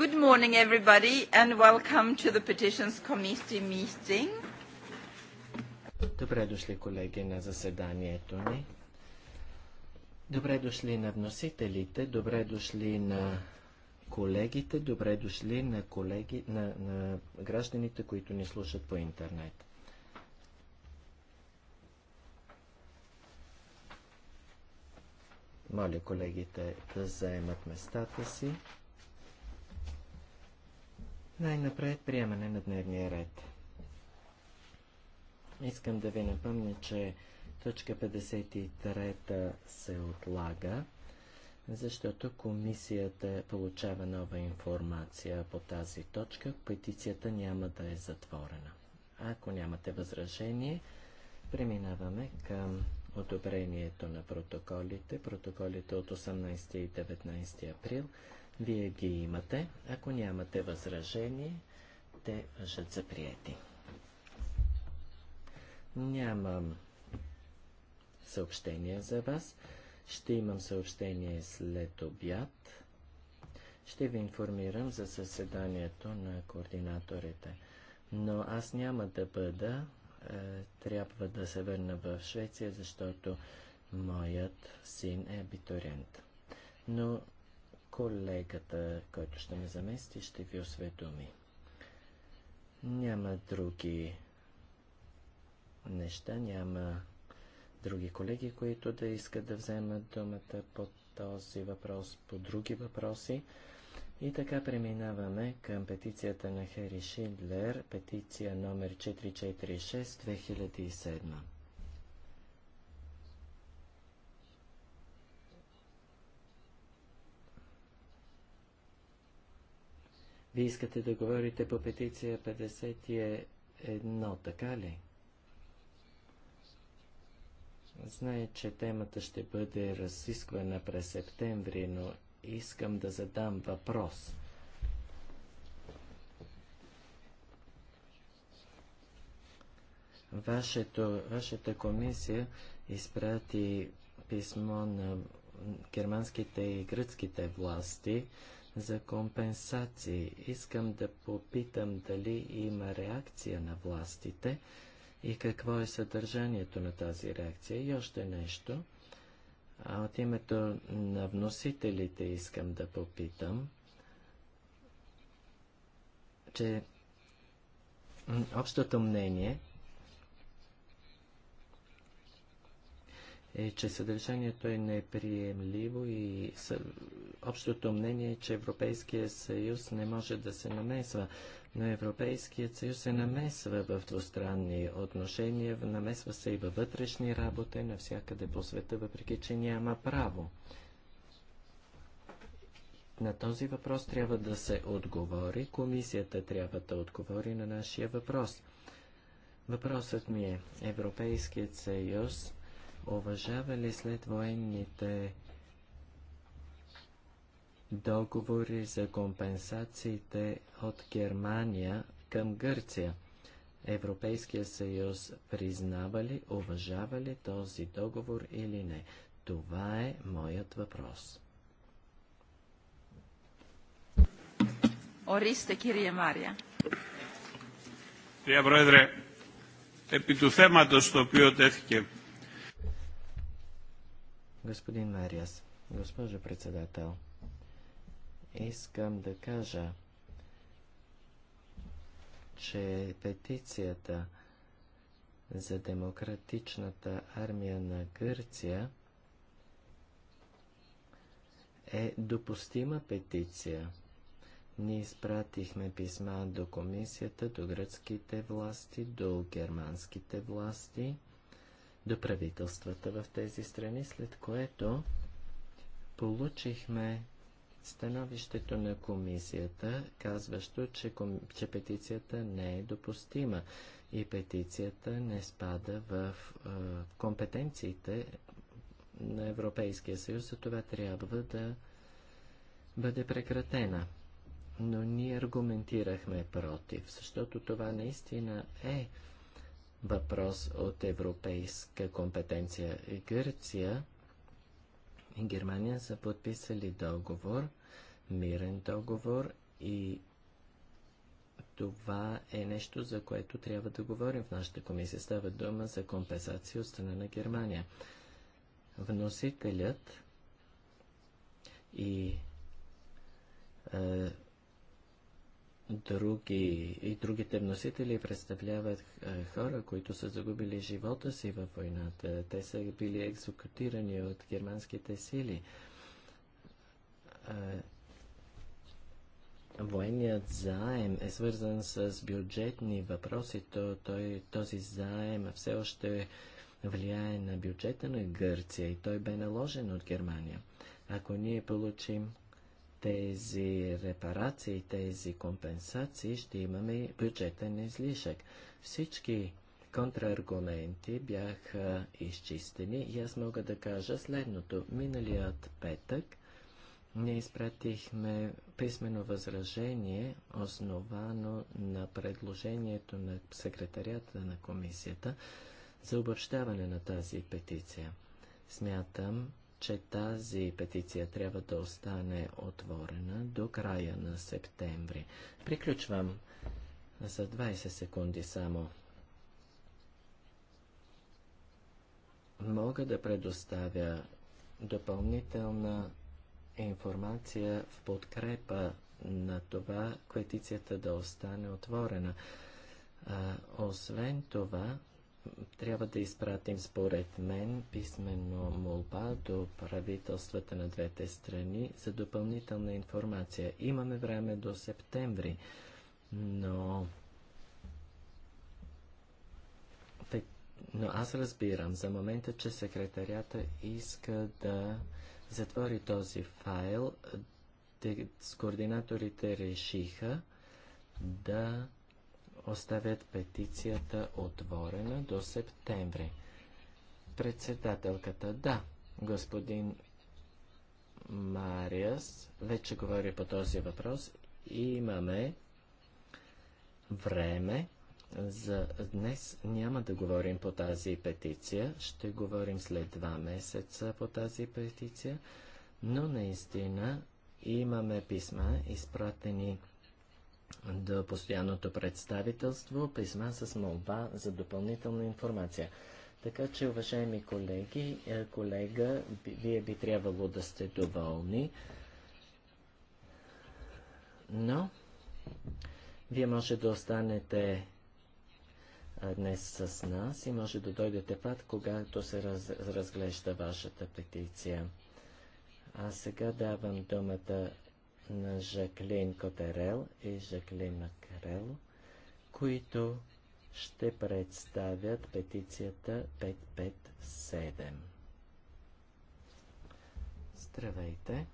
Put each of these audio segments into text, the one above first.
Good morning, everybody, and welcome to the Petitions Committee meeting. Добре дошли, колеги, на заседанието ни. Добре дошли на вносителите, добре дошли на колегите, добре дошли на, колеги, на, на гражданите, които ни слушат по интернет. Моля колегите да заемат местата си. Най-напред приемане на дневния ред. Искам да ви напомня, че точка 53 се отлага, защото комисията получава нова информация по тази точка. Петицията няма да е затворена. Ако нямате възражение, преминаваме към одобрението на протоколите. Протоколите от 18 и 19 април вие ги имате. Ако нямате възражение, те въжат за приети. Нямам съобщения за вас. Ще имам съобщение след обяд. Ще ви информирам за съседанието на координаторите. Но аз няма да бъда. Е, трябва да се върна в Швеция, защото моят син е абитуриент. Но колегата, който ще ме замести, ще ви осведоми. Няма други неща, няма други колеги, които да искат да вземат думата по този въпрос, по други въпроси. И така преминаваме към петицията на Хери Шиндлер, петиция номер 446-2007. Вие искате да говорите по петиция 51, така ли? Знае, че темата ще бъде разисквана през септември, но искам да задам въпрос. Вашето, вашата комисия изпрати писмо на германските и гръцките власти, за компенсации. Искам да попитам дали има реакция на властите и какво е съдържанието на тази реакция. И още нещо. А от името на вносителите искам да попитам, че общото мнение е, че съдържанието е неприемливо и съ... общото мнение е, че Европейския съюз не може да се намесва. Но Европейският съюз се намесва в двустранни отношения, намесва се и във вътрешни работи навсякъде по света, въпреки че няма право. На този въпрос трябва да се отговори. Комисията трябва да отговори на нашия въпрос. Въпросът ми е, Европейският съюз уважавали след военните договори за компенсациите от Германия към Гърция. Европейския съюз признава ли, уважава ли този договор или не? Това е моят въпрос. Ορίστε κύριε Μάρια. Κυρία Πρόεδρε, επί του θέματος το οποίο τέθηκε Господин Мариас, госпожо председател, искам да кажа, че петицията за демократичната армия на Гърция е допустима петиция. Ние изпратихме писма до комисията, до гръцките власти, до германските власти – до правителствата в тези страни, след което получихме становището на комисията, казващо, че, че петицията не е допустима и петицията не спада в е, компетенциите на Европейския съюз, за това трябва да бъде прекратена. Но ние аргументирахме против, защото това наистина е въпрос от европейска компетенция. Гърция и Германия са подписали договор, мирен договор и това е нещо, за което трябва да говорим в нашата комисия. Става дума за компенсация от страна на Германия. Вносителят и е, други, и другите вносители представляват хора, които са загубили живота си във войната. Те са били екзекутирани от германските сили. военният заем е свързан с бюджетни въпроси. То, той, този заем все още влияе на бюджета на Гърция и той бе наложен от Германия. Ако ние получим тези репарации, тези компенсации, ще имаме бюджетен излишък. Всички контраргументи бяха изчистени и аз мога да кажа следното. Миналият петък ние изпратихме писмено възражение, основано на предложението на секретарията на комисията за обобщаване на тази петиция. Смятам, че тази петиция трябва да остане отворена до края на септември. Приключвам за 20 секунди само. Мога да предоставя допълнителна информация в подкрепа на това петицията да остане отворена. А, освен това, трябва да изпратим според мен писменно молба до правителствата на двете страни за допълнителна информация. Имаме време до септември, но... Но аз разбирам за момента, че секретарята иска да затвори този файл. С координаторите решиха да оставят петицията отворена до септември. Председателката, да, господин Мариас вече говори по този въпрос. Имаме време. За днес няма да говорим по тази петиция. Ще говорим след два месеца по тази петиция. Но наистина имаме писма, изпратени до постоянното представителство писма с молба за допълнителна информация. Така че, уважаеми колеги, е, колега, вие би трябвало да сте доволни, но вие може да останете е, днес с нас и може да дойдете пат, когато се раз, разглежда вашата петиция. А сега давам думата на Жаклин Котерел и Жаклин Макарел, които ще представят петицията 557. Здравейте!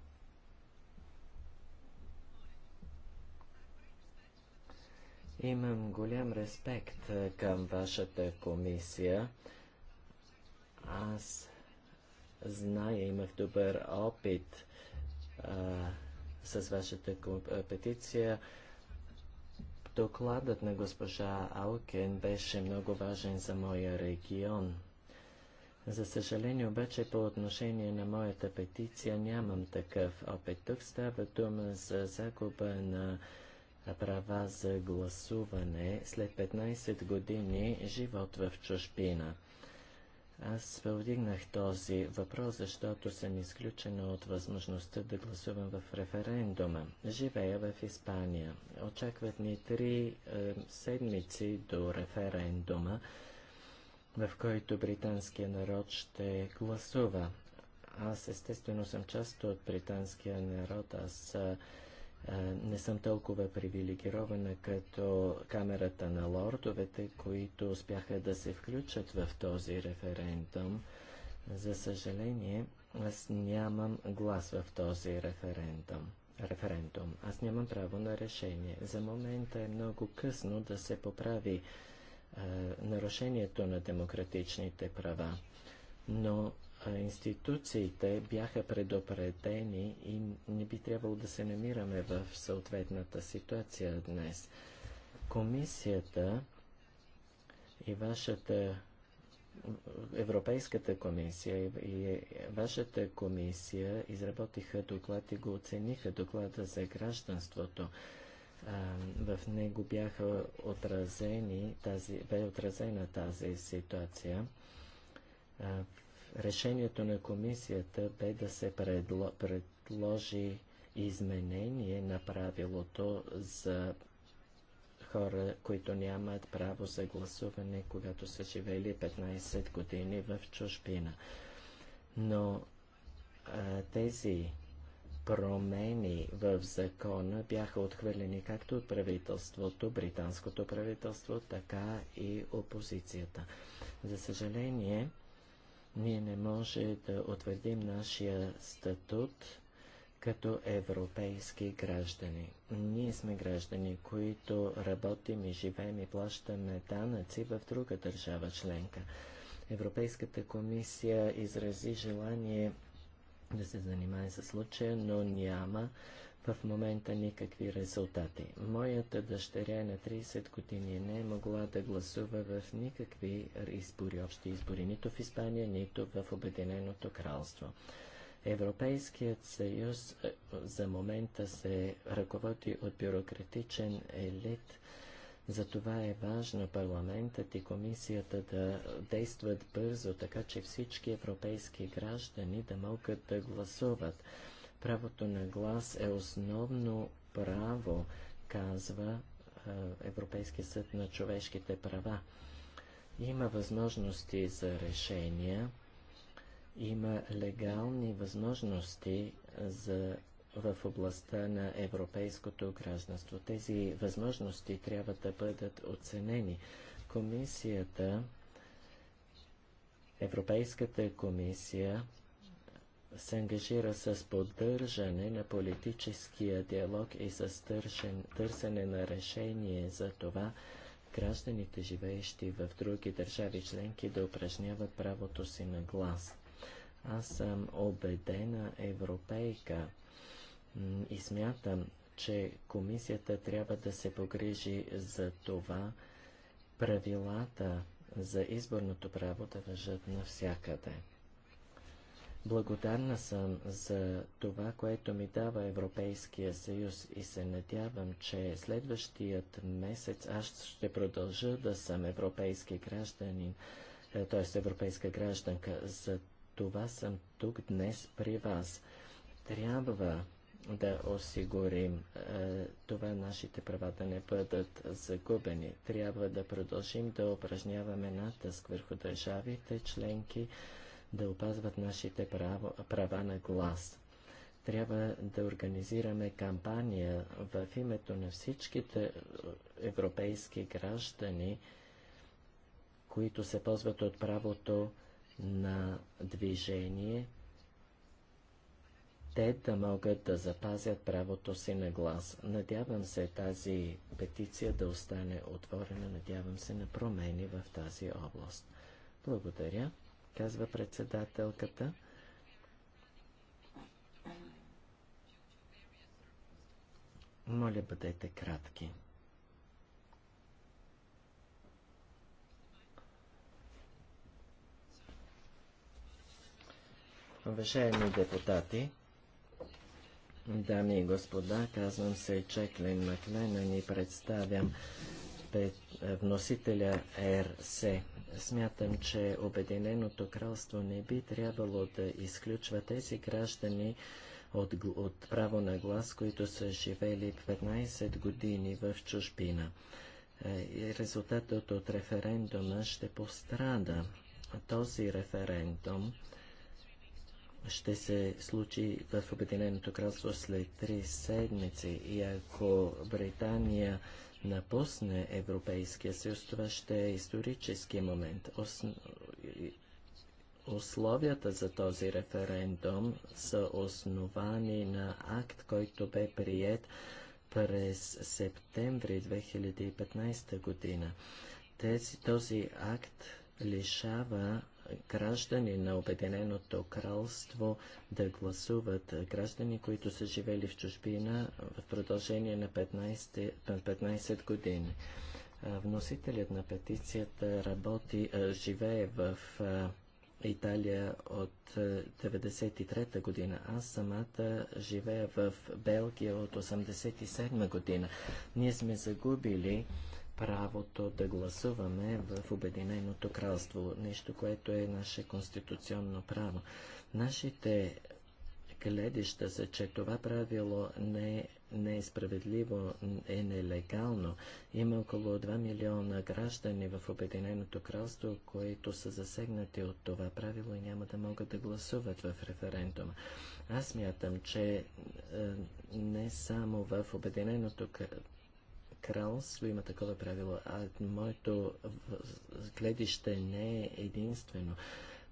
Имам голям респект към вашата комисия. Аз зная, имах добър опит а, с вашата петиция. Докладът на госпожа Алкен беше много важен за моя регион. За съжаление обаче по отношение на моята петиция нямам такъв опит. Тук става дума за загуба на права за гласуване след 15 години живот в чужбина. Аз повдигнах този въпрос, защото съм изключена от възможността да гласувам в референдума. Живея в Испания. Очакват ни три е, седмици до референдума, в който британския народ ще гласува. Аз естествено съм част от британския народ. Аз е, е, не съм толкова привилегирована като камерата на лордовете, които успяха да се включат в този референдум. За съжаление, аз нямам глас в този референдум. референдум. Аз нямам право на решение. За момента е много късно да се поправи е, нарушението на демократичните права. Но институциите бяха предупредени и не би трябвало да се намираме в съответната ситуация днес. Комисията и вашата Европейската комисия и вашата комисия изработиха доклад и го оцениха доклада за гражданството. в него бяха отразени тази, бе отразена тази ситуация решението на комисията бе да се предложи изменение на правилото за хора, които нямат право за гласуване, когато са живели 15 години в чужбина. Но а, тези промени в закона бяха отхвърлени както от правителството, британското правителство, така и опозицията. За съжаление, ние не може да утвърдим нашия статут като европейски граждани. Ние сме граждани, които работим и живеем и плащаме данъци в друга държава членка. Европейската комисия изрази желание да се занимае с случая, но няма в момента никакви резултати. Моята дъщеря е на 30 години не е могла да гласува в никакви избори, общи избори, нито в Испания, нито в Обединеното кралство. Европейският съюз е, за момента се ръководи от бюрократичен елит. Затова е важно парламентът и комисията да действат бързо, така че всички европейски граждани да могат да гласуват. Правото на глас е основно право, казва Европейския съд на човешките права. Има възможности за решения, има легални възможности за в областта на европейското гражданство. Тези възможности трябва да бъдат оценени. Комисията, Европейската комисия се ангажира с поддържане на политическия диалог и с тършен, търсене на решение за това гражданите, живеещи в други държави членки, да упражняват правото си на глас. Аз съм убедена европейка и смятам, че комисията трябва да се погрижи за това правилата за изборното право да въжат навсякъде. Благодарна съм за това, което ми дава Европейския съюз и се надявам, че следващият месец аз ще продължа да съм европейски гражданин, т.е. европейска гражданка. За това съм тук днес при вас. Трябва да осигурим е, това нашите права да не бъдат загубени. Трябва да продължим да упражняваме натиск върху държавите членки, да опазват нашите право, права на глас. Трябва да организираме кампания в името на всичките е, европейски граждани, които се ползват от правото на движение, те да могат да запазят правото си на глас. Надявам се тази петиция да остане отворена, надявам се на промени в тази област. Благодаря казва председателката. Моля, бъдете кратки. Уважаеми депутати, дами и господа, казвам се Чеклин а и представям пет вносителя РС. Смятам, че Обединеното кралство не би трябвало да изключва тези граждани от, от право на глас, които са живели 15 години в чужбина. Е, резултатът от референдума ще пострада. Този референдум ще се случи в Обединеното кралство след 3 седмици и ако Британия напусне Европейския съюз, това ще е исторически момент. Условията за този референдум са основани на акт, който бе прият през септември 2015 година. този акт лишава граждани на Обединеното кралство да гласуват. Граждани, които са живели в чужбина в продължение на 15, 15 години. Вносителят на петицията работи, живее в Италия от 1993 година. Аз самата живея в Белгия от 1987 година. Ние сме загубили правото да гласуваме в Обединеното кралство, нещо, което е наше конституционно право. Нашите гледища са, че това правило не е не е справедливо, е нелегално. Има около 2 милиона граждани в Обединеното кралство, които са засегнати от това правило и няма да могат да гласуват в референдума. Аз мятам, че е, не само в Обединеното кралство има такова правило, а моето гледище не е единствено.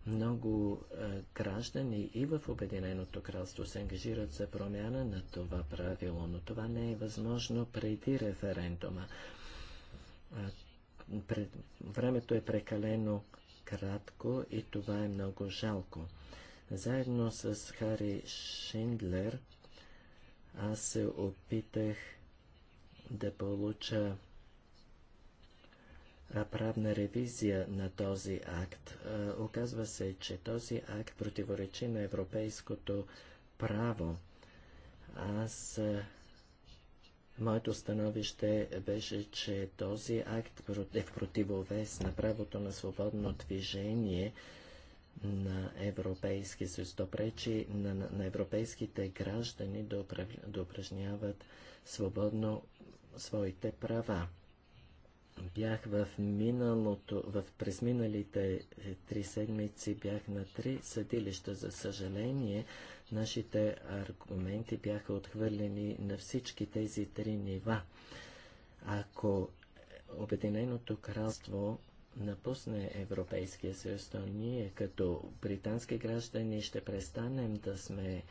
Много е, граждани и в Обединеното кралство се ангажират за промяна на това правило, но това не е възможно преди референдума. А, е, пред, времето е прекалено кратко и това е много жалко. Заедно с Хари Шиндлер аз се опитах да получа правна ревизия на този акт. Оказва се, че този акт противоречи на европейското право. Аз Моето становище беше, че този акт е в противовес на правото на свободно движение на Европейски съюз. То пречи на, на европейските граждани да, да упражняват свободно своите права. Бях в миналото, в през миналите три седмици бях на три съдилища. За съжаление, нашите аргументи бяха отхвърлени на всички тези три нива. Ако Обединеното кралство напусне Европейския съюз, то ние като британски граждани ще престанем да сме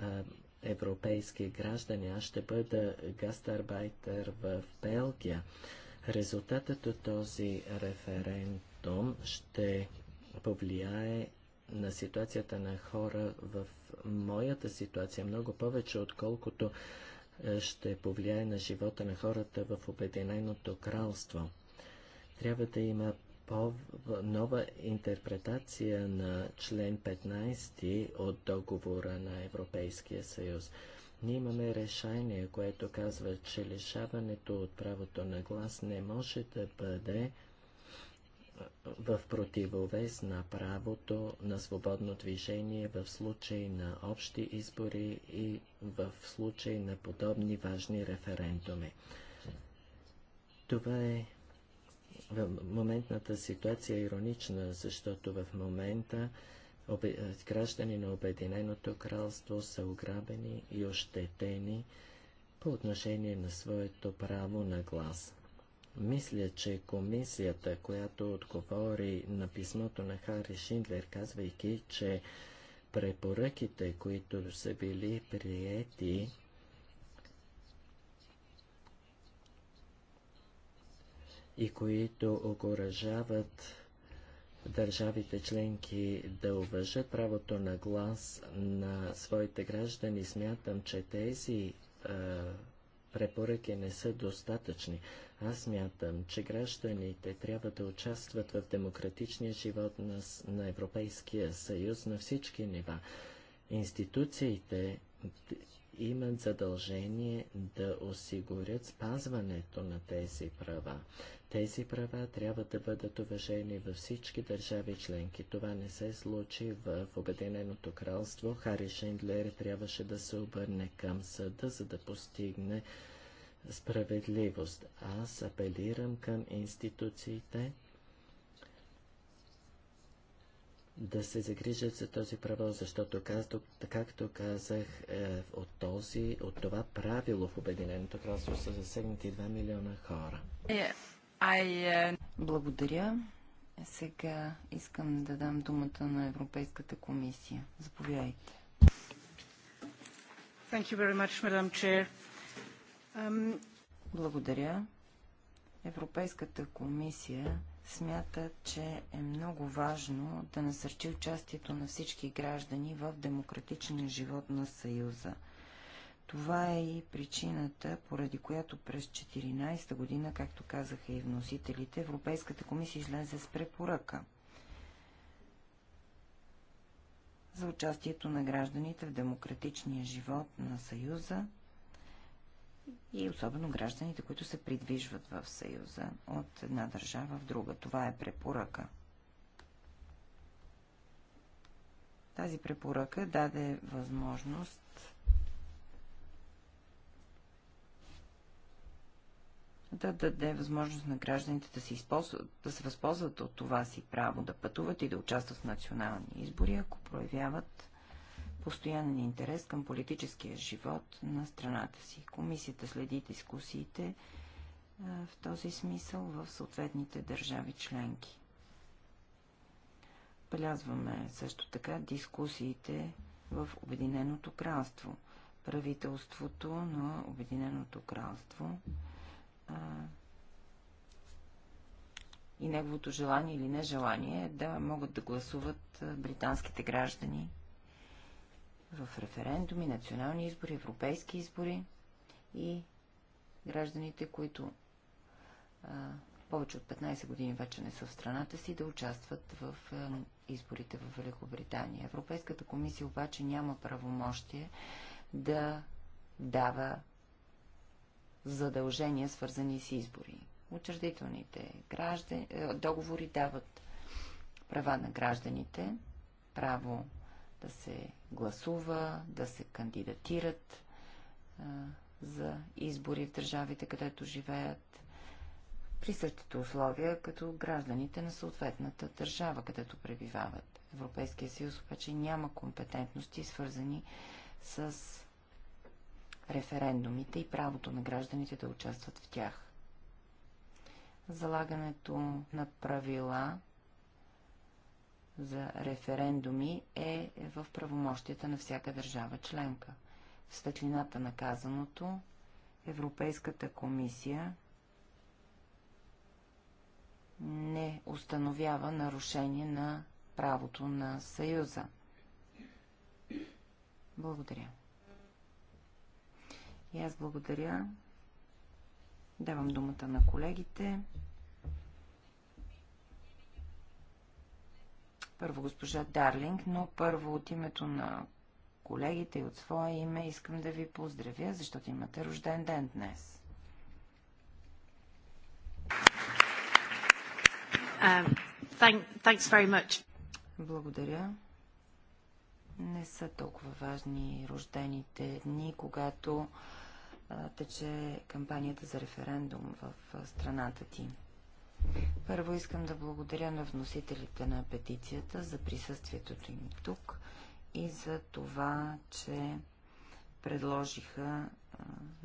а, европейски граждани. Аз ще бъда гастарбайтер в Белгия. Резултатът от този референдум ще повлияе на ситуацията на хора в моята ситуация много повече, отколкото е, ще повлияе на живота на хората в Обединеното кралство. Трябва да има нова интерпретация на член 15 от договора на Европейския съюз. Ние имаме решение, което казва, че лишаването от правото на глас не може да бъде в противовес на правото на свободно движение в случай на общи избори и в случай на подобни важни референдуми. Това е моментната ситуация е иронична, защото в момента граждани на Обединеното кралство са ограбени и ощетени по отношение на своето право на глас. Мисля, че комисията, която отговори на писмото на Хари Шиндлер, казвайки, че препоръките, които са били приети и които окоръжават държавите членки да уважат правото на глас на своите граждани. Смятам, че тези е, препоръки не са достатъчни. Аз смятам, че гражданите трябва да участват в демократичния живот на, на Европейския съюз на всички нива. Институциите имат задължение да осигурят спазването на тези права. Тези права трябва да бъдат уважени във всички държави членки. Това не се случи в Обединеното кралство. Хари Шендлер трябваше да се обърне към съда, за да постигне справедливост. Аз апелирам към институциите да се загрижат за този правилник, защото, както, казах, е, от, този, от това правило в Обединеното кралство са засегнати 2 милиона хора. Е, е. Благодаря. Сега искам да дам думата на Европейската комисия. Заповядайте. Thank you very much, Madam Chair. Um... Благодаря. Европейската комисия смята, че е много важно да насърчи участието на всички граждани в демократичния живот на Съюза. Това е и причината, поради която през 14-та година, както казаха и вносителите, Европейската комисия излезе с препоръка за участието на гражданите в демократичния живот на Съюза – и особено гражданите, които се придвижват в Съюза от една държава в друга. Това е препоръка. Тази препоръка даде възможност да даде възможност на гражданите да се, използват, да се възползват от това си право, да пътуват и да участват в национални избори, ако проявяват постоянен интерес към политическия живот на страната си. Комисията следи дискусиите в този смисъл в съответните държави членки. Отбелязваме също така дискусиите в Обединеното кралство. Правителството на Обединеното кралство а, и неговото желание или нежелание е да могат да гласуват британските граждани в референдуми, национални избори, европейски избори и гражданите, които а, повече от 15 години вече не са в страната си, да участват в а, изборите в Великобритания. Европейската комисия обаче няма правомощие да дава задължения, свързани с избори. Учредителните граждани, е, договори дават права на гражданите, право да се гласува, да се кандидатират за избори в държавите, където живеят, при същите условия, като гражданите на съответната държава, където пребивават. Европейския съюз обаче няма компетентности, свързани с референдумите и правото на гражданите да участват в тях. Залагането на правила за референдуми е в правомощията на всяка държава членка. В светлината на казаното Европейската комисия не установява нарушение на правото на Съюза. Благодаря. И аз благодаря. Давам думата на колегите. Първо госпожа Дарлинг, но първо от името на колегите и от свое име искам да ви поздравя, защото имате рожден ден днес. Um, thank, Благодаря. Не са толкова важни рождените дни, когато тече кампанията за референдум в страната ти. Първо искам да благодаря на вносителите на петицията за присъствието им тук и за това, че предложиха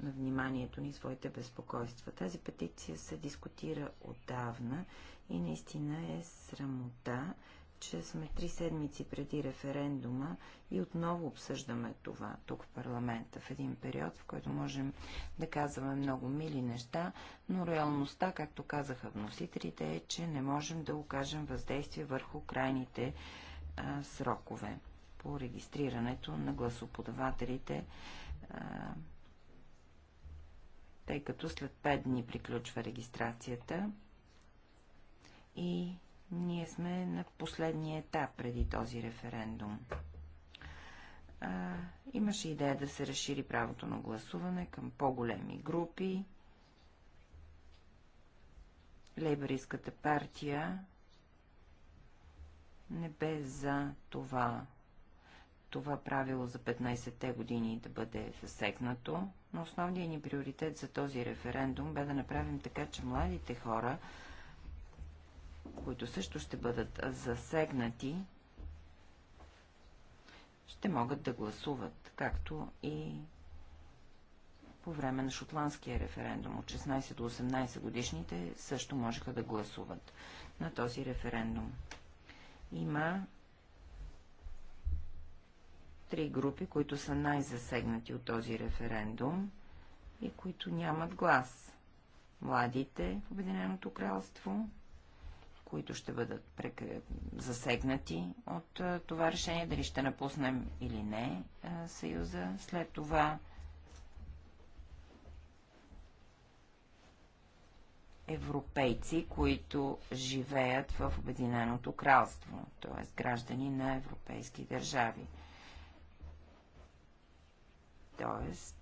на вниманието ни своите безпокойства. Тази петиция се дискутира отдавна и наистина е срамота, че сме три седмици преди референдума и отново обсъждаме това тук в парламента в един период, в който можем да казваме много мили неща, но реалността, както казаха вносителите, е, че не можем да окажем въздействие върху крайните а, срокове по регистрирането на гласоподавателите. А, тъй като след 5 дни приключва регистрацията и ние сме на последния етап преди този референдум. А, имаше идея да се разшири правото на гласуване към по-големи групи. Лейбористската партия не бе за това това правило за 15-те години да бъде засегнато, но основният ни приоритет за този референдум бе да направим така, че младите хора които също ще бъдат засегнати, ще могат да гласуват, както и по време на шотландския референдум от 16 до 18 годишните също можеха да гласуват на този референдум. Има три групи, които са най-засегнати от този референдум и които нямат глас. Младите в Обединеното кралство, които ще бъдат засегнати от това решение, дали ще напуснем или не Съюза. След това европейци, които живеят в Обединеното кралство, т.е. граждани на европейски държави. Тоест,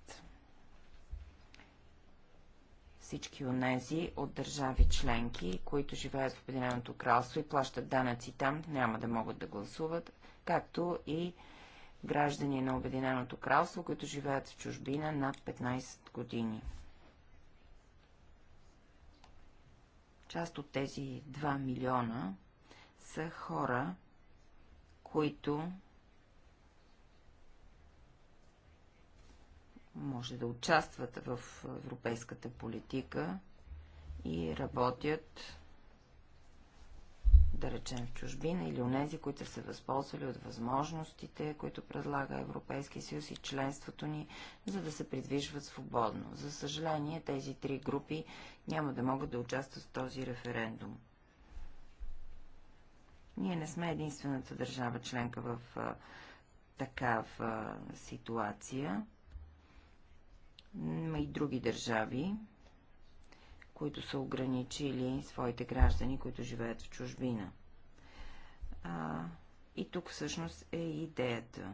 всички онези от държави членки, които живеят в Обединеното кралство и плащат данъци там, няма да могат да гласуват, както и граждани на Обединеното кралство, които живеят в чужбина над 15 години. Част от тези 2 милиона са хора, които може да участват в европейската политика и работят, да речем, в чужбина или нези, които се възползвали от възможностите, които предлага Европейския съюз и членството ни, за да се придвижват свободно. За съжаление, тези три групи няма да могат да участват в този референдум. Ние не сме единствената държава членка в такава ситуация други държави, които са ограничили своите граждани, които живеят в чужбина. А, и тук всъщност е идеята.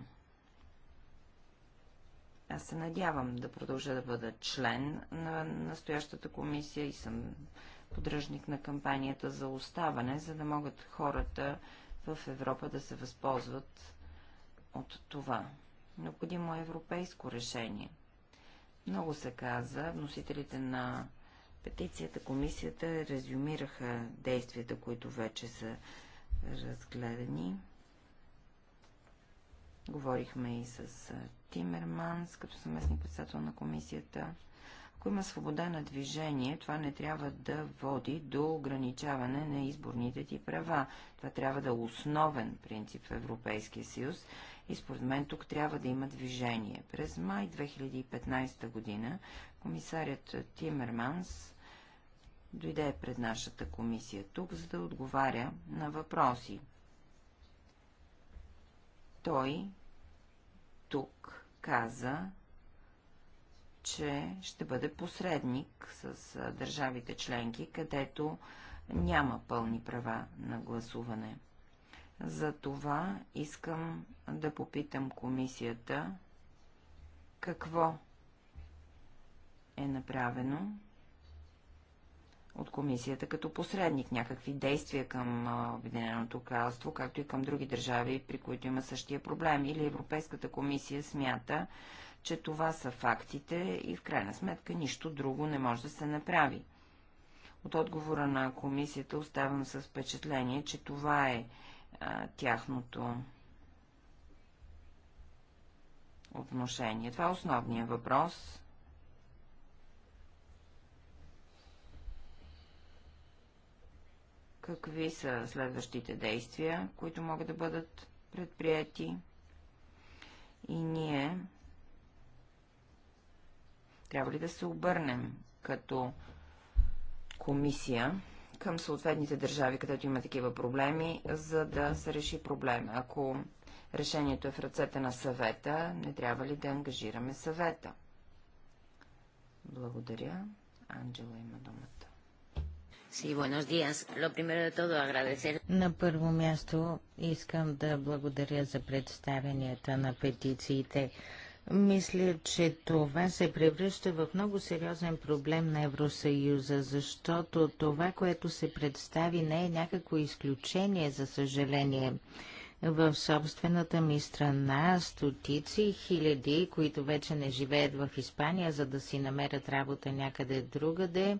Аз се надявам да продължа да бъда член на настоящата комисия и съм подръжник на кампанията за оставане, за да могат хората в Европа да се възползват от това. Необходимо е европейско решение – много се каза. Вносителите на петицията, комисията резюмираха действията, които вече са разгледани. Говорихме и с Тимерманс, като съместник председател на комисията. Ако има свобода на движение, това не трябва да води до ограничаване на изборните ти права. Това трябва да е основен принцип в Европейския съюз и според мен тук трябва да има движение. През май 2015 година комисарят Тимерманс дойде пред нашата комисия тук, за да отговаря на въпроси. Той тук каза, че ще бъде посредник с държавите членки, където няма пълни права на гласуване. За това искам да попитам комисията какво е направено от комисията като посредник, някакви действия към Обединеното кралство, както и към други държави, при които има същия проблем. Или Европейската комисия смята, че това са фактите и в крайна сметка нищо друго не може да се направи. От отговора на комисията оставам с впечатление, че това е а, тяхното отношение. Това е основният въпрос. Какви са следващите действия, които могат да бъдат предприяти? И ние трябва ли да се обърнем като комисия към съответните държави, където има такива проблеми, за да се реши проблема. Ако решението е в ръцете на съвета, не трябва ли да ангажираме съвета? Благодаря. Анджела има думата. На първо място искам да благодаря за представенията на петициите. Мисля, че това се превръща в много сериозен проблем на Евросъюза, защото това, което се представи, не е някакво изключение, за съжаление. В собствената ми страна стотици хиляди, които вече не живеят в Испания, за да си намерят работа някъде другаде,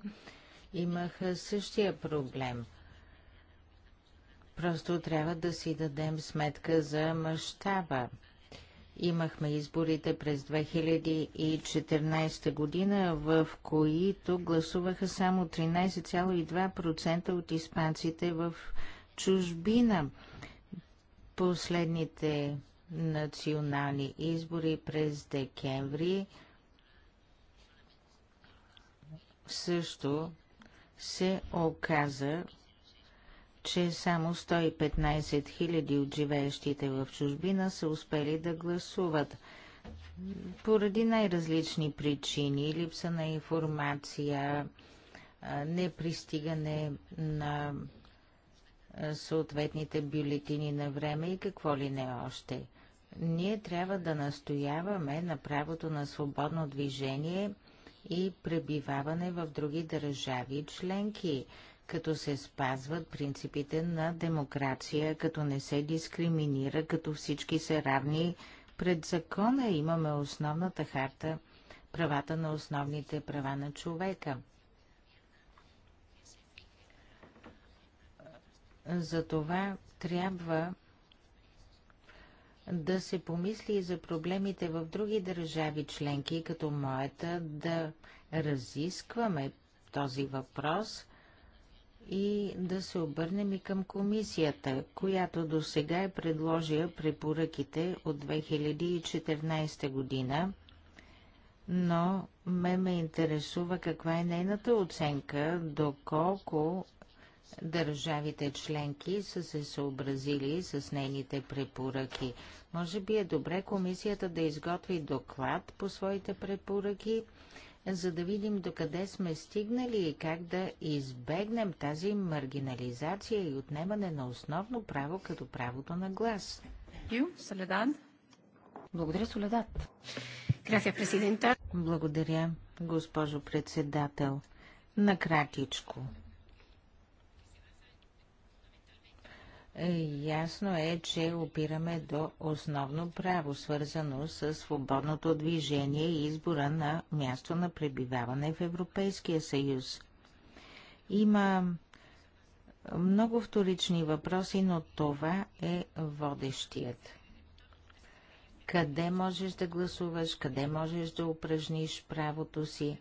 имаха същия проблем. Просто трябва да си дадем сметка за мащаба. Имахме изборите през 2014 година, в които гласуваха само 13,2% от испанците в чужбина. Последните национални избори през декември също се оказа, че само 115 000 от живеещите в чужбина са успели да гласуват поради най-различни причини, липса на информация, непристигане на съответните бюлетини на време и какво ли не още. Ние трябва да настояваме на правото на свободно движение и пребиваване в други държави членки като се спазват принципите на демокрация, като не се дискриминира, като всички са равни пред закона. Имаме основната харта правата на основните права на човека. Затова трябва да се помисли и за проблемите в други държави членки, като моята, да разискваме този въпрос и да се обърнем и към комисията, която до сега е предложила препоръките от 2014 година, но ме ме интересува каква е нейната оценка, доколко държавите членки са се съобразили с нейните препоръки. Може би е добре комисията да изготви доклад по своите препоръки, за да видим докъде сме стигнали и как да избегнем тази маргинализация и отнемане на основно право като правото на глас. Благодаря, Соледат. Благодаря, госпожо председател. Накратичко. Е, ясно е, че опираме до основно право, свързано с свободното движение и избора на място на пребиваване в Европейския съюз. Има много вторични въпроси, но това е водещият. Къде можеш да гласуваш, къде можеш да упражниш правото си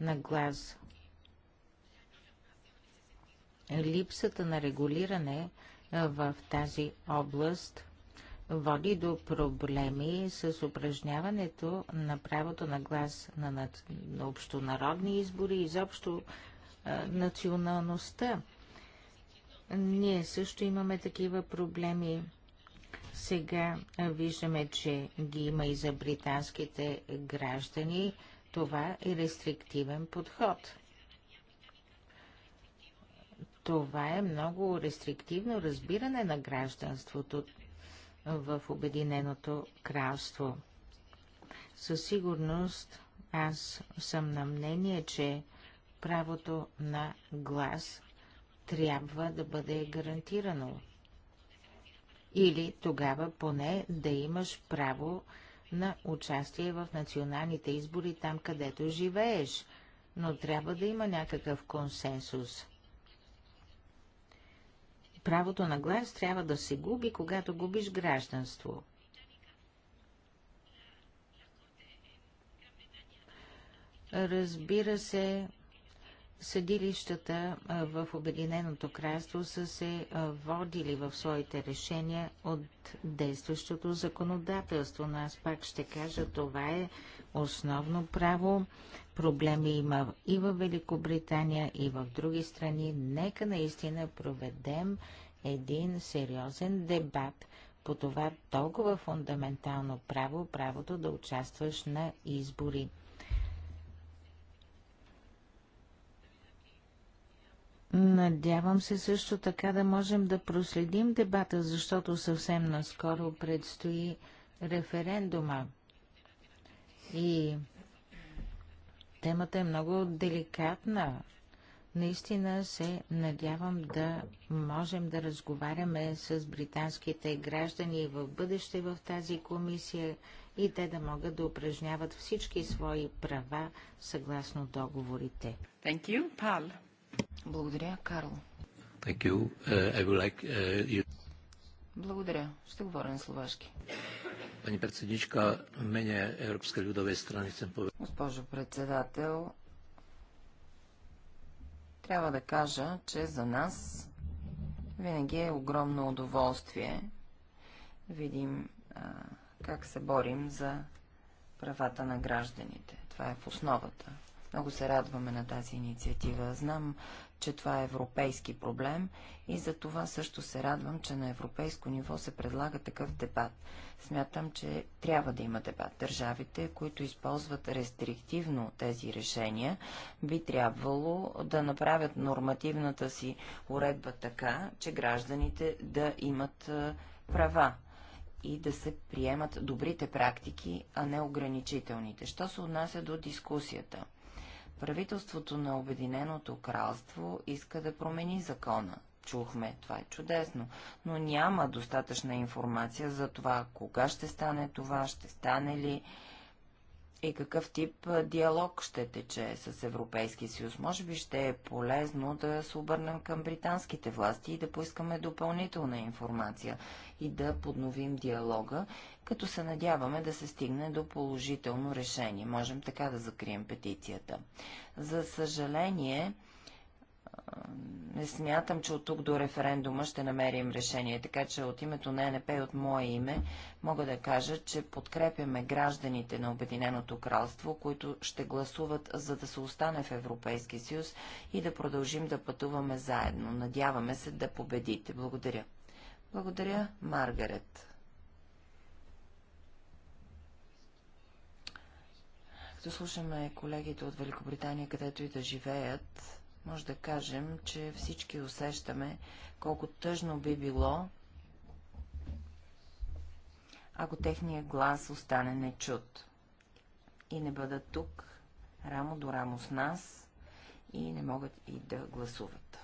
на глас? Липсата на регулиране – в тази област води до проблеми с упражняването на правото на глас на, на, на общонародни избори и изобщо а, националността. Ние също имаме такива проблеми. Сега виждаме, че ги има и за британските граждани. Това е рестриктивен подход. Това е много рестриктивно разбиране на гражданството в Обединеното кралство. Със сигурност аз съм на мнение, че правото на глас трябва да бъде гарантирано. Или тогава поне да имаш право на участие в националните избори там, където живееш. Но трябва да има някакъв консенсус правото на глас трябва да се губи, когато губиш гражданство. Разбира се, Съдилищата в Обединеното кралство са се водили в своите решения от действащото законодателство, но аз пак ще кажа, това е основно право. Проблеми има и в Великобритания, и в други страни. Нека наистина проведем един сериозен дебат по това толкова фундаментално право, правото да участваш на избори. Надявам се също така да можем да проследим дебата, защото съвсем наскоро предстои референдума. И темата е много деликатна. Наистина се надявам да можем да разговаряме с британските граждани в бъдеще в тази комисия и те да могат да упражняват всички свои права съгласно договорите. Thank you, Paul. Благодаря, Карл. Uh, like, uh, Благодаря. Ще говоря на словашки. Пани председничка, мене Европска людове страни съм повече. Госпожо председател, трябва да кажа, че за нас винаги е огромно удоволствие видим а, как се борим за правата на гражданите. Това е в основата много се радваме на тази инициатива. Знам, че това е европейски проблем и за това също се радвам, че на европейско ниво се предлага такъв дебат. Смятам, че трябва да има дебат. Държавите, които използват рестриктивно тези решения, би трябвало да направят нормативната си уредба така, че гражданите да имат права и да се приемат добрите практики, а не ограничителните. Що се отнася до дискусията? Правителството на Обединеното кралство иска да промени закона. Чухме, това е чудесно, но няма достатъчна информация за това, кога ще стане това, ще стане ли и какъв тип диалог ще тече с Европейския съюз. Може би ще е полезно да се обърнем към британските власти и да поискаме допълнителна информация и да подновим диалога, като се надяваме да се стигне до положително решение. Можем така да закрием петицията. За съжаление, не смятам, че от тук до референдума ще намерим решение. Така че от името на ЕНП и от мое име мога да кажа, че подкрепяме гражданите на Обединеното кралство, които ще гласуват за да се остане в Европейския съюз и да продължим да пътуваме заедно. Надяваме се да победите. Благодаря. Благодаря, Маргарет. Като слушаме колегите от Великобритания, където и да живеят, може да кажем, че всички усещаме колко тъжно би било, ако техният глас остане нечут и не бъдат тук, рамо до рамо с нас и не могат и да гласуват.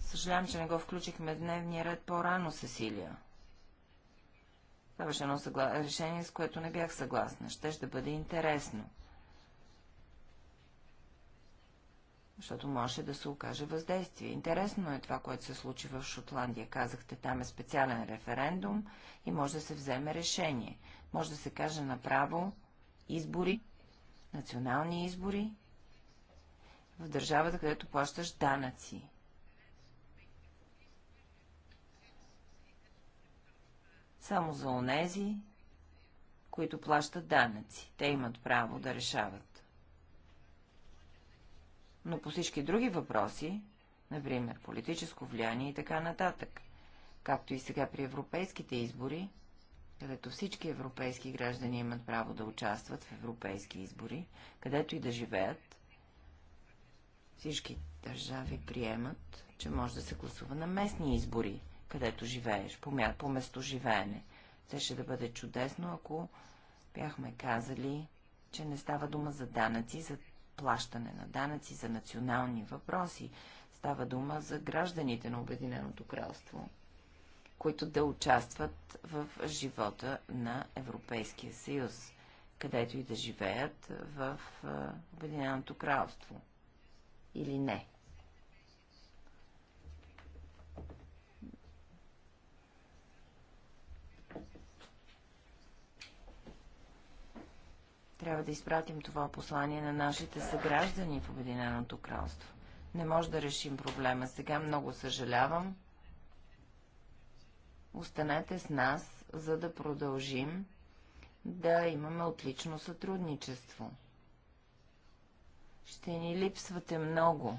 Съжалявам, че не го включихме в дневния ред по-рано, Сесилия. Това беше едно съгла... решение, с което не бях съгласна. Ще ще бъде интересно. Защото може да се окаже въздействие. Интересно е това, което се случи в Шотландия. Казахте, там е специален референдум и може да се вземе решение. Може да се каже направо избори, национални избори в държавата, където плащаш данъци. само за онези, които плащат данъци. Те имат право да решават. Но по всички други въпроси, например политическо влияние и така нататък, както и сега при европейските избори, където всички европейски граждани имат право да участват в европейски избори, където и да живеят, всички държави приемат, че може да се гласува на местни избори където живееш, по, мя... по Те ще да бъде чудесно, ако бяхме казали, че не става дума за данъци, за плащане на данъци, за национални въпроси. Става дума за гражданите на Обединеното кралство, които да участват в живота на Европейския съюз, където и да живеят в Обединеното кралство. Или не. Трябва да изпратим това послание на нашите съграждани в Обединеното кралство. Не може да решим проблема сега, много съжалявам. Останете с нас, за да продължим да имаме отлично сътрудничество. Ще ни липсвате много,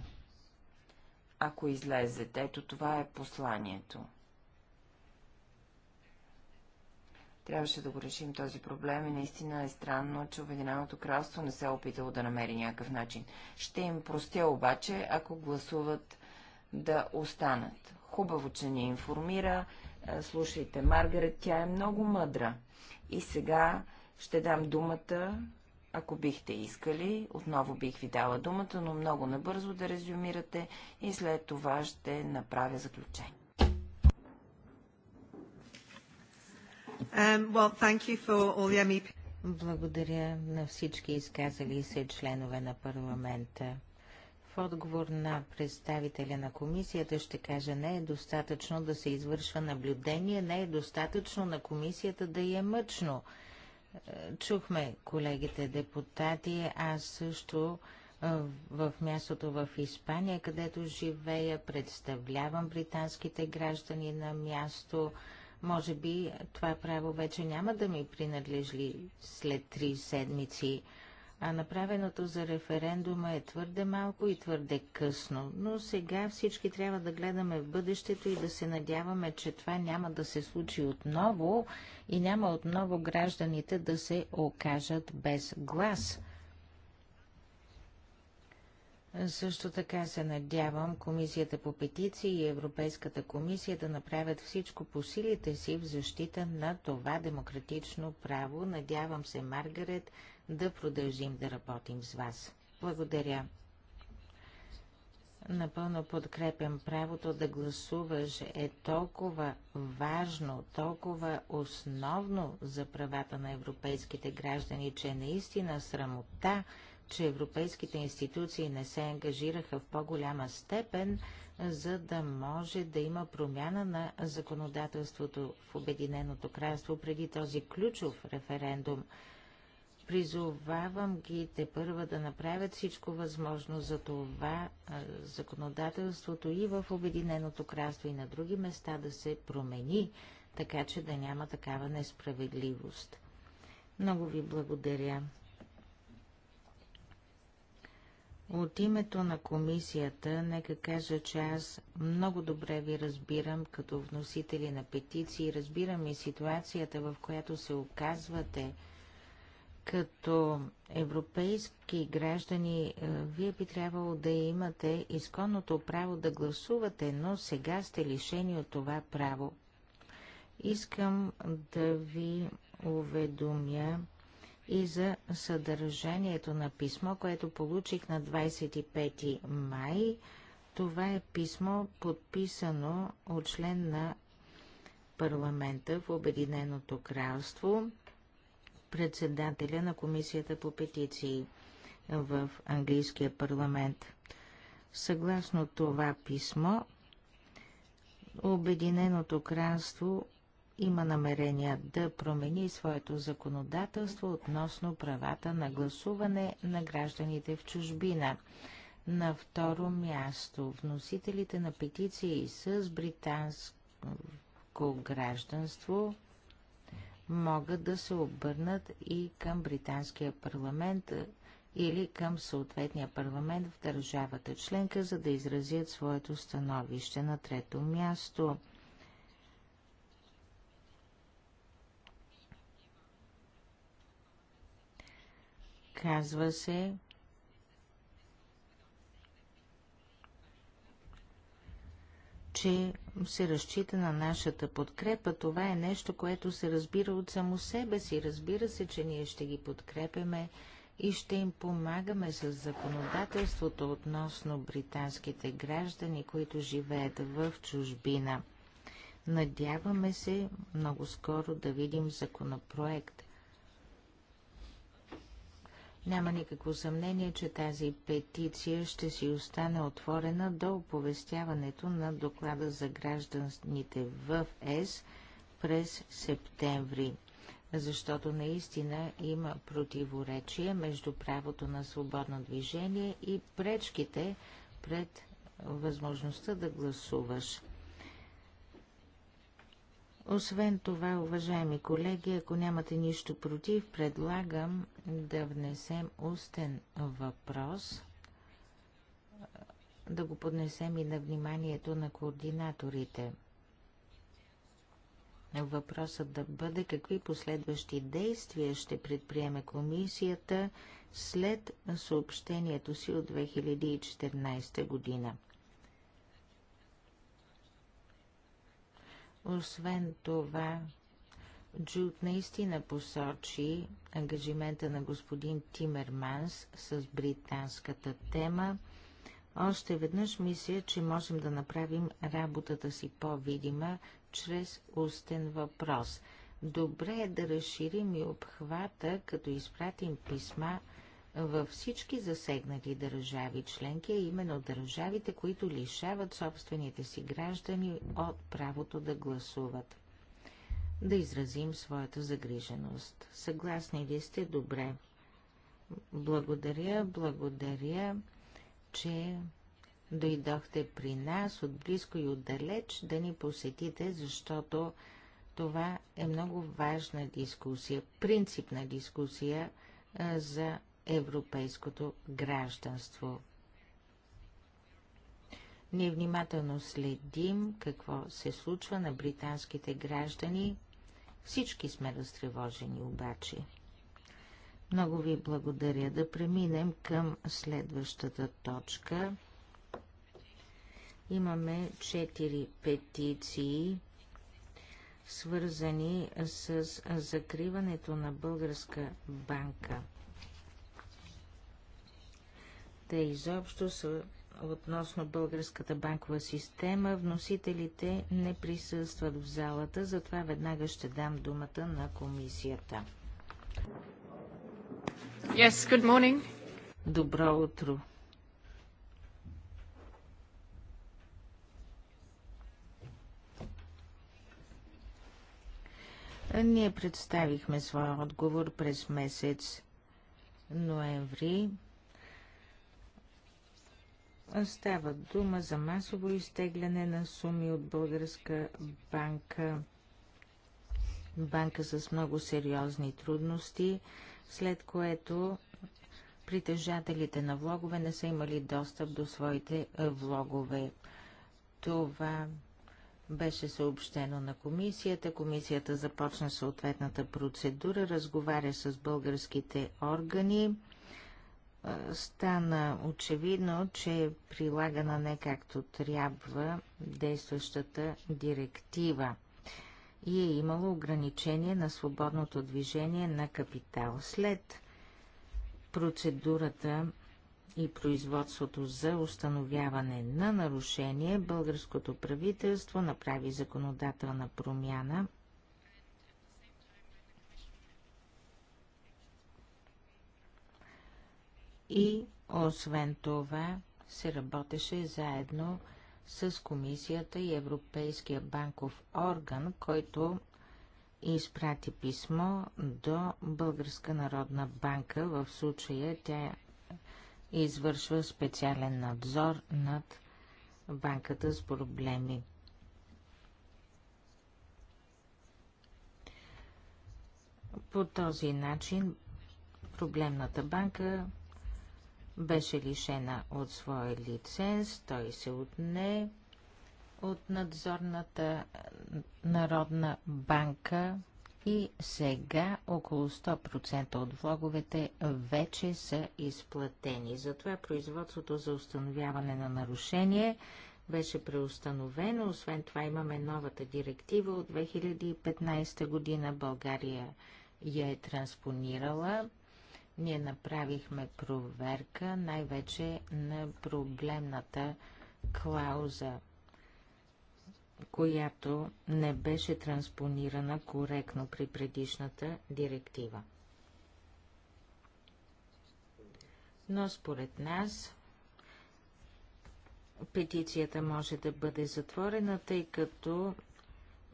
ако излезете. Ето това е посланието. Трябваше да го решим този проблем и наистина е странно, че Обединеното кралство не се е опитало да намери някакъв начин. Ще им простя обаче, ако гласуват да останат. Хубаво, че ни информира. Е, слушайте, Маргарет, тя е много мъдра. И сега ще дам думата, ако бихте искали, отново бих ви дала думата, но много набързо да резюмирате и след това ще направя заключение. Um, e Благодаря на всички изказали се членове на парламента. В отговор на представителя на комисията ще кажа, не е достатъчно да се извършва наблюдение, не е достатъчно на комисията да е мъчно. Е, чухме колегите депутати, аз също е, в мястото в Испания, където живея, представлявам британските граждани на място. Може би това право вече няма да ми принадлежи след три седмици, а направеното за референдума е твърде малко и твърде късно. Но сега всички трябва да гледаме в бъдещето и да се надяваме, че това няма да се случи отново и няма отново гражданите да се окажат без глас – също така се надявам Комисията по петиции и Европейската комисия да направят всичко по силите си в защита на това демократично право. Надявам се, Маргарет, да продължим да работим с вас. Благодаря. Напълно подкрепям правото да гласуваш е толкова важно, толкова основно за правата на европейските граждани, че наистина срамота – че европейските институции не се ангажираха в по-голяма степен, за да може да има промяна на законодателството в Обединеното кралство преди този ключов референдум. Призовавам ги те първа да направят всичко възможно за това законодателството и в Обединеното кралство и на други места да се промени, така че да няма такава несправедливост. Много ви благодаря. От името на комисията, нека кажа, че аз много добре ви разбирам като вносители на петиции, разбирам и ситуацията, в която се оказвате. Като европейски граждани, е, вие би трябвало да имате изконното право да гласувате, но сега сте лишени от това право. Искам да ви уведомя, и за съдържанието на писмо, което получих на 25 май. Това е писмо, подписано от член на парламента в Обединеното кралство, председателя на Комисията по петиции в английския парламент. Съгласно това писмо, Обединеното кралство има намерение да промени своето законодателство относно правата на гласуване на гражданите в чужбина. На второ място, вносителите на петиции с британско гражданство могат да се обърнат и към британския парламент или към съответния парламент в държавата членка, за да изразят своето становище. На трето място – Казва се, че се разчита на нашата подкрепа. Това е нещо, което се разбира от само себе си. Разбира се, че ние ще ги подкрепяме и ще им помагаме с законодателството относно британските граждани, които живеят в чужбина. Надяваме се много скоро да видим законопроект. Няма никакво съмнение, че тази петиция ще си остане отворена до оповестяването на доклада за гражданите в ЕС през септември, защото наистина има противоречие между правото на свободно движение и пречките пред възможността да гласуваш. Освен това, уважаеми колеги, ако нямате нищо против, предлагам да внесем устен въпрос, да го поднесем и на вниманието на координаторите. Въпросът да бъде какви последващи действия ще предприеме комисията след съобщението си от 2014 година. Освен това, Джуд наистина посочи ангажимента на господин Тимерманс с британската тема. Още веднъж мисля, че можем да направим работата си по-видима чрез устен въпрос. Добре е да разширим и обхвата, като изпратим писма във всички засегнати държави членки, а именно държавите, които лишават собствените си граждани от правото да гласуват. Да изразим своята загриженост. Съгласни ли сте? Добре. Благодаря, благодаря, че дойдохте при нас от близко и отдалеч да ни посетите, защото това е много важна дискусия, принципна дискусия за европейското гражданство. Ние внимателно следим какво се случва на британските граждани. Всички сме разтревожени обаче. Много ви благодаря. Да преминем към следващата точка. Имаме четири петиции, свързани с закриването на Българска банка те изобщо са относно българската банкова система. Вносителите не присъстват в залата, затова веднага ще дам думата на комисията. Yes, good morning. Добро утро. Ние представихме своя отговор през месец ноември Става дума за масово изтегляне на суми от българска банка, банка с много сериозни трудности, след което притежателите на влогове не са имали достъп до своите влогове. Това беше съобщено на комисията. Комисията започна съответната процедура, разговаря с българските органи е, стана очевидно, че е прилагана не както трябва действащата директива и е имало ограничение на свободното движение на капитал. След процедурата и производството за установяване на нарушение, българското правителство направи законодателна промяна И освен това се работеше заедно с Комисията и Европейския банков орган, който изпрати писмо до Българска народна банка. В случая тя извършва специален надзор над банката с проблеми. По този начин проблемната банка беше лишена от своя лиценз, той се отне от надзорната е, Народна банка и сега около 100% от влоговете вече са изплатени. Затова производството за установяване на нарушение беше преустановено. Освен това имаме новата директива от 2015 година. България я е транспонирала. Ние направихме проверка най-вече на проблемната клауза, която не беше транспонирана коректно при предишната директива. Но според нас петицията може да бъде затворена, тъй като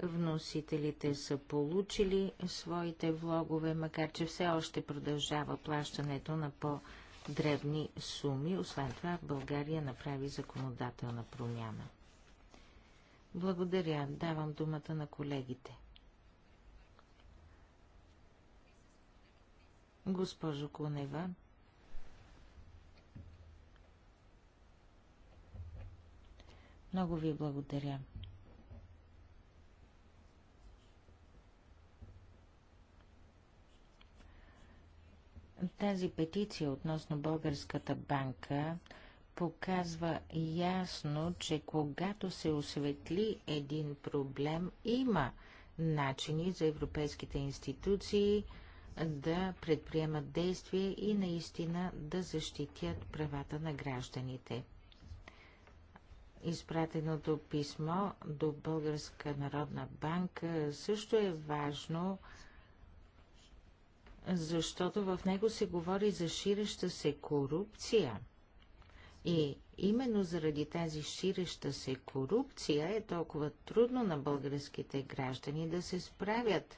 Вносителите са получили своите влогове, макар че все още продължава плащането на по-дребни суми. Освен това, България направи законодателна промяна. Благодаря. Давам думата на колегите. Госпожо Кунева. Много ви благодаря. Тази петиция относно Българската банка показва ясно, че когато се осветли един проблем, има начини за европейските институции да предприемат действия и наистина да защитят правата на гражданите. Изпратеното писмо до Българска народна банка също е важно защото в него се говори за ширеща се корупция. И именно заради тази ширеща се корупция е толкова трудно на българските граждани да се справят.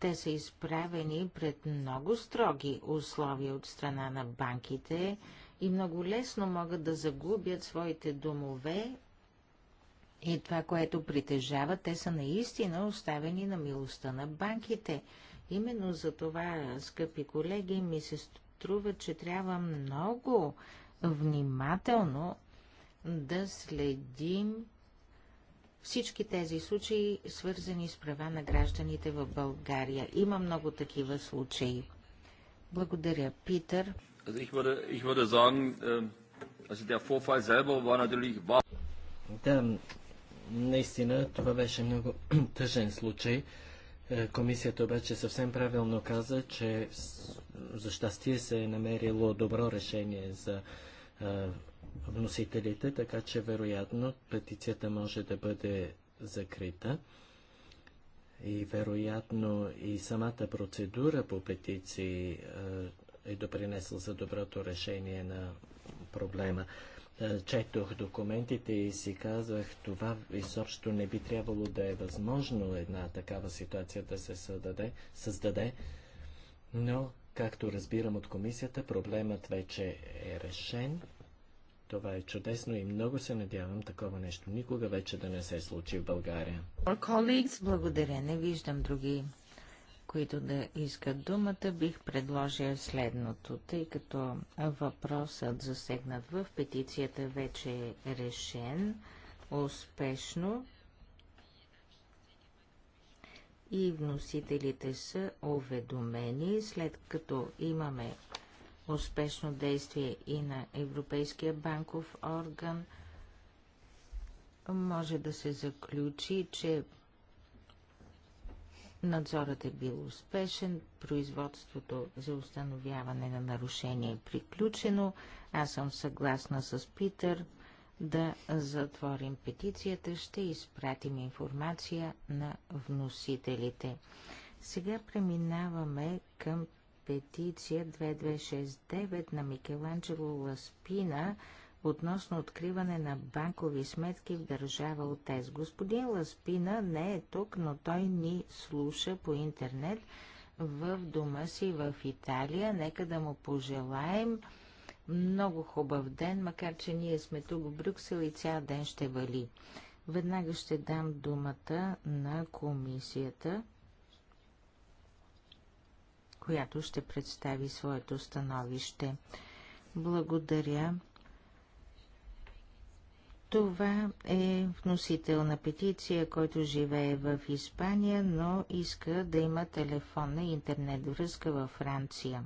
Те са изправени пред много строги условия от страна на банките и много лесно могат да загубят своите домове и това, което притежават, те са наистина оставени на милостта на банките – Именно за това, скъпи колеги, ми се струва, че трябва много внимателно да следим всички тези случаи, свързани с права на гражданите в България. Има много такива случаи. Благодаря, Питър. Ähm, да, наистина това беше много тъжен случай. Е, комисията обаче съвсем правилно каза, че за щастие се е намерило добро решение за е, вносителите, така че вероятно петицията може да бъде закрита. И вероятно и самата процедура по петиции е, е допринесла за доброто решение на проблема. Е, четох документите и си казах, това изобщо не би трябвало да е възможно една такава ситуация да се създаде, създаде. Но, както разбирам от комисията, проблемът вече е решен. Това е чудесно и много се надявам такова нещо никога вече да не се случи в България. Благодаря. Не виждам други които да искат думата, бих предложил следното, тъй като въпросът засегнат в петицията вече е решен успешно и вносителите са уведомени, след като имаме успешно действие и на Европейския банков орган, може да се заключи, че Надзорът е бил успешен, производството за установяване на нарушение е приключено. Аз съм съгласна с Питър да затворим петицията. Ще изпратим информация на вносителите. Сега преминаваме към петиция 2269 на Микеланджело Ласпина – относно откриване на банкови сметки в държава от ЕС. Господин Ласпина не е тук, но той ни слуша по интернет в дома си в Италия. Нека да му пожелаем много хубав ден, макар че ние сме тук в Брюксел и цял ден ще вали. Веднага ще дам думата на комисията, която ще представи своето становище. Благодаря. Това е вносител на петиция, който живее в Испания, но иска да има телефонна и интернет връзка във Франция.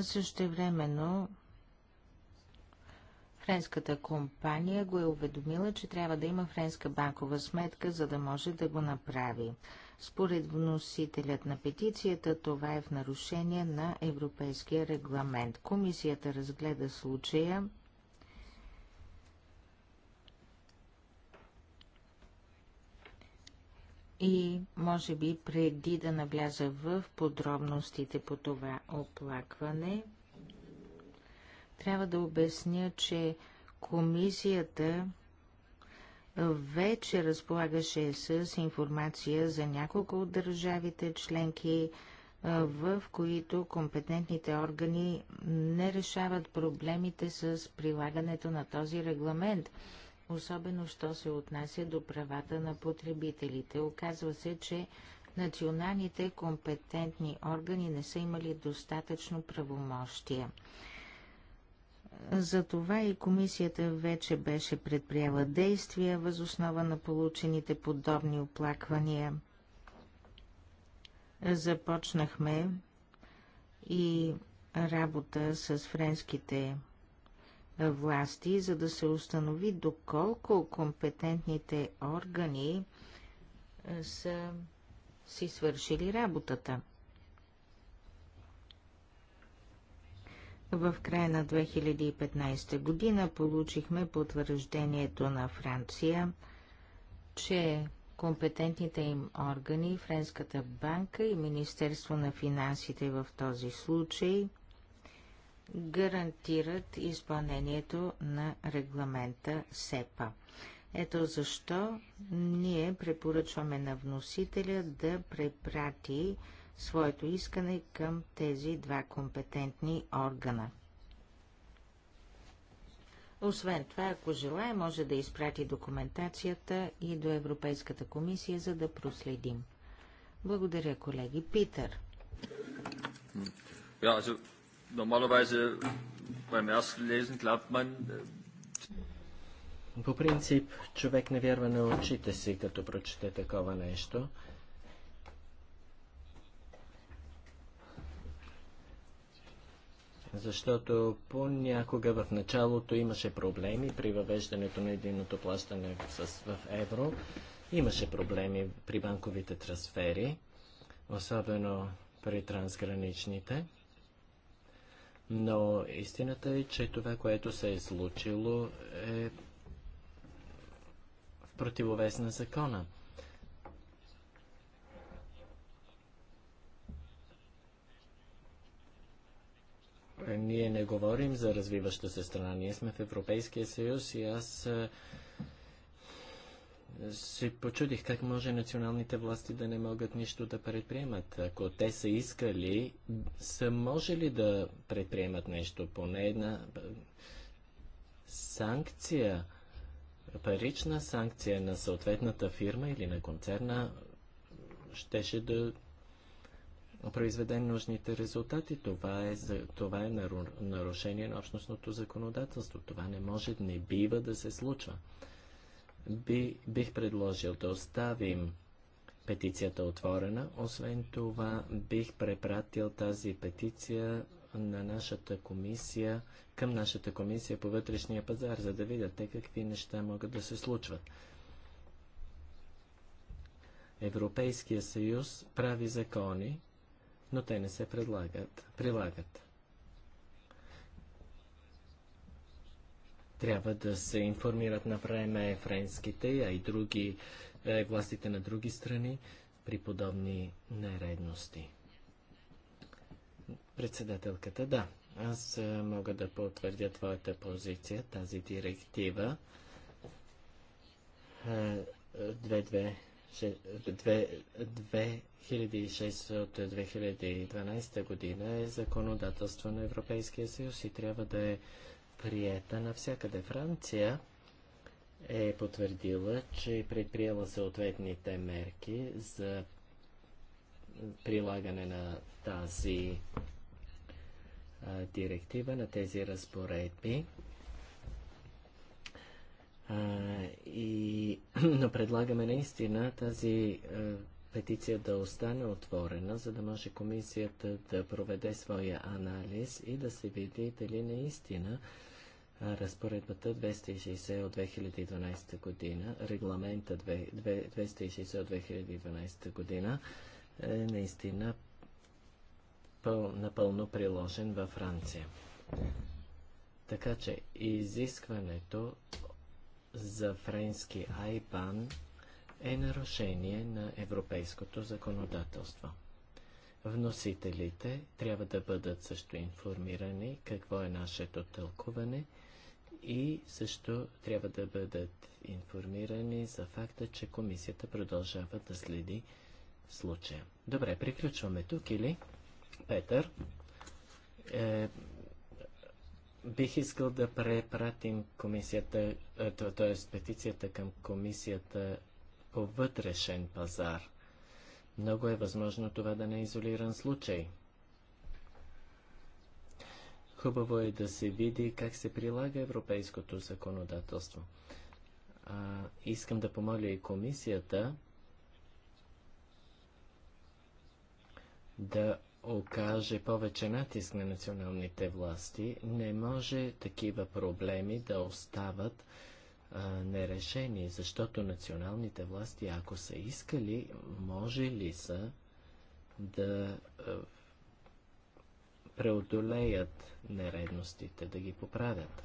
Същевременно френската компания го е уведомила, че трябва да има френска банкова сметка, за да може да го направи. Според вносителят на петицията, това е в нарушение на Европейския регламент. Комисията разгледа случая и може би преди да навляза в подробностите по това оплакване, трябва да обясня, че комисията вече разполагаше с информация за няколко от държавите членки, в които компетентните органи не решават проблемите с прилагането на този регламент, особено що се отнася до правата на потребителите. Оказва се, че националните компетентни органи не са имали достатъчно правомощия. Затова и комисията вече беше предприела действия възоснова на получените подобни оплаквания. Започнахме и работа с френските власти, за да се установи доколко компетентните органи са си свършили работата. В края на 2015 година получихме потвърждението на Франция, че компетентните им органи, Френската банка и Министерство на финансите в този случай, гарантират изпълнението на регламента СЕПА. Ето защо ние препоръчваме на вносителя да препрати своето искане към тези два компетентни органа. Освен това, ако желая, може да изпрати документацията и до Европейската комисия, за да проследим. Благодаря, колеги. Питър. Ja, also normalerweise beim ersten Lesen glaubt man. Äh, По принцип, човек не вярва на очите си, като прочете такова нещо. защото понякога в началото имаше проблеми при въвеждането на единното плащане в евро. Имаше проблеми при банковите трансфери, особено при трансграничните. Но истината е, че това, което се е случило, е в противовес на закона. ние не говорим за развиваща се страна. Ние сме в Европейския съюз и аз се почудих как може националните власти да не могат нищо да предприемат. Ако те са искали, са можели да предприемат нещо, поне една санкция, парична санкция на съответната фирма или на концерна щеше да произведе нужните резултати. Това е, това е нарушение на общностното законодателство. Това не може, не бива да се случва. Би, бих предложил да оставим петицията отворена. Освен това, бих препратил тази петиция на нашата комисия, към нашата комисия по вътрешния пазар, за да видят те какви неща могат да се случват. Европейския съюз прави закони, но те не се предлагат, прилагат. Трябва да се информират на време френските, а и други, е, властите на други страни при подобни нередности. Председателката, да, аз е, мога да потвърдя твоята позиция, тази директива. Е, е, 2006 от 2012 година е законодателство на Европейския съюз и трябва да е приета навсякъде. Франция е потвърдила, че е предприела съответните мерки за прилагане на тази а, директива, на тези разпоредби и, но предлагаме наистина тази петиция да остане отворена, за да може комисията да проведе своя анализ и да се види дали наистина разпоредбата 260 от 2012 година, регламента 260 от 2012 година е наистина пъл, напълно приложен във Франция. Така че изискването за френски Айбан е нарушение на европейското законодателство. Вносителите трябва да бъдат също информирани какво е нашето тълкуване и също трябва да бъдат информирани за факта, че комисията продължава да следи случая. Добре, приключваме тук или? Петър, е, Бих искал да препратим комисията, т.е. петицията към комисията по вътрешен пазар. Много е възможно това да не е изолиран случай. Хубаво е да се види как се прилага европейското законодателство. А, искам да помоля и комисията да окаже повече натиск на националните власти, не може такива проблеми да остават а, нерешени, защото националните власти, ако са искали, може ли са да а, преодолеят нередностите, да ги поправят.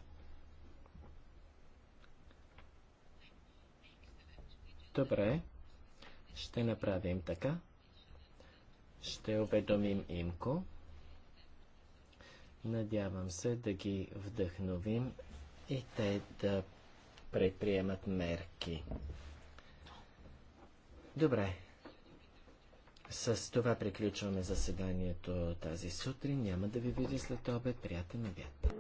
Добре, ще направим така. Ще уведомим Имко. Надявам се да ги вдъхновим и те да предприемат мерки. Добре. С това приключваме заседанието тази сутрин. Няма да ви видя след обед. Приятен обяд.